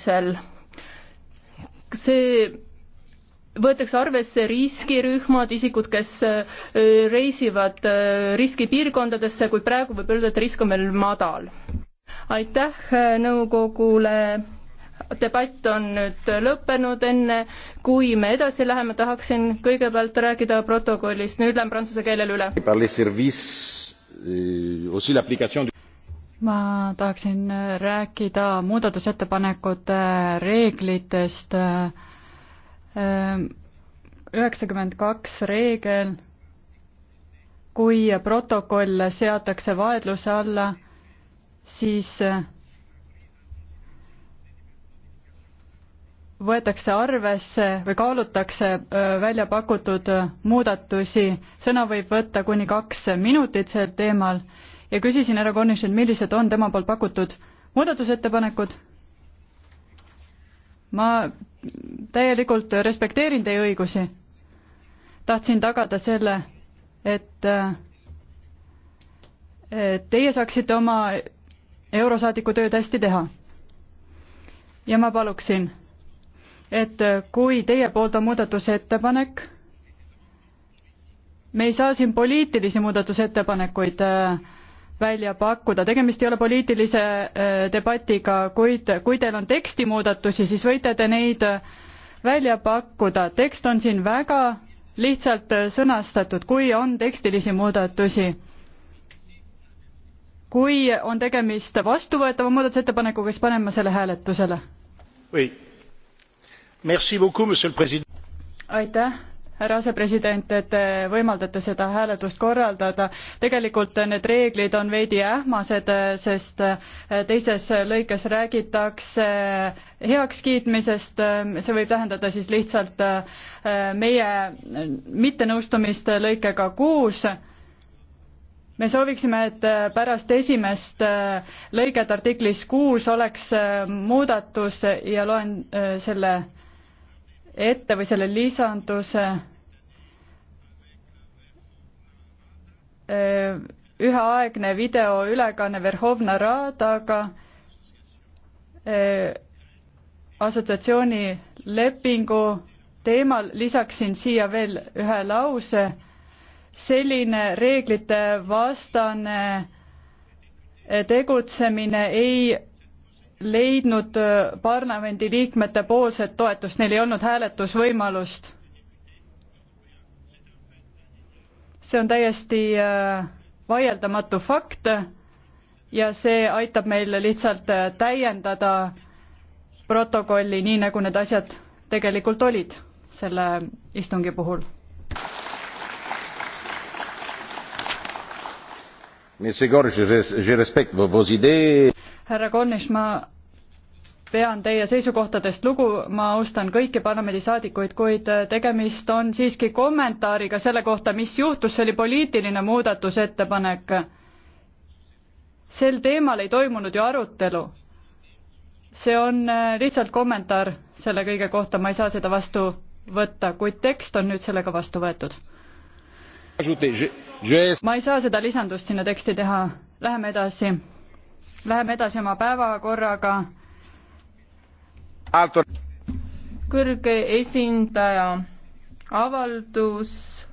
seal see võetakse arvesse riskirühmad, isikud, kes äh, reisivad äh, riskipiirkondadesse, kuid praegu võib öelda, et risk on meil madal. aitäh äh, nõukogule, debatt on nüüd lõppenud, enne kui me edasi läheme, tahaksin kõigepealt rääkida protokollist, nüüd lähen prantsuse keelele üle ma tahaksin rääkida muudatusettepanekute reeglitest. Äh, üheksakümmend kaks reegel, kui protokoll seatakse vaidluse alla, siis äh, võetakse arvesse või kaalutakse äh, välja pakutud muudatusi, sõna võib võtta kuni kaks minutit sel teemal ja küsisin härra Cornishilt, millised on tema poolt pakutud muudatusettepanekud. ma täielikult respekteerin teie õigusi. tahtsin tagada selle, et teie saaksite oma eurosaadiku tööd hästi teha. ja ma paluksin, et kui teie poolt on muudatusettepanek, me ei saa siin poliitilisi muudatusettepanekuid äh, välja pakkuda, tegemist ei ole poliitilise äh, debatiga, kuid kui teil on tekstimuudatusi, siis võite te neid äh, välja pakkuda, tekst on siin väga lihtsalt äh, sõnastatud, kui on tekstilisi muudatusi. kui on tegemist vastuvõetava muudatusettepanekuga, siis panen ma selle hääletusele. aitäh härra asepresident, et te võimaldate seda hääletust korraldada. tegelikult need reeglid on veidi ähmased, sest teises lõikes räägitakse heakskiitmisest, see võib tähendada siis lihtsalt meie mittenõustumist lõikega kuus me sooviksime, et pärast esimest lõiget artiklis kuus oleks muudatus ja loen selle ette või selle lisanduse Äh, üheaegne videoülekanne Verhovna Radaga äh, assotsiatsiooni lepingu teemal lisaksin siia veel ühe lause. selline reeglite vastane äh, tegutsemine ei leidnud parlamendiliikmete poolset toetust, neil ei olnud hääletusvõimalust see on täiesti äh, vaieldamatu fakt ja see aitab meil lihtsalt äh, täiendada protokolli nii, nagu need asjad tegelikult olid selle istungi puhul. härra Kornis, ma pean teie seisukohtadest lugu, ma austan kõiki parlamendisaadikuid, kuid äh, tegemist on siiski kommentaariga selle kohta, mis juhtus, see oli poliitiline muudatusettepanek. sel teemal ei toimunud ju arutelu. see on äh, lihtsalt kommentaar selle kõige kohta, ma ei saa seda vastu võtta, kuid tekst on nüüd sellega vastu võetud. ma ei saa seda lisandust sinna teksti teha, läheme edasi. Läheme edasi oma päevakorraga kõrge esindaja avaldus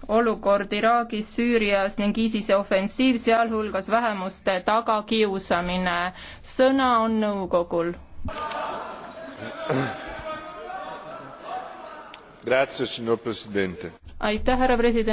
olukord Iraagis, Süürias ning ISISe ofensiiv, sealhulgas vähemuste tagakiusamine. sõna on nõukogul. aitäh, härra president.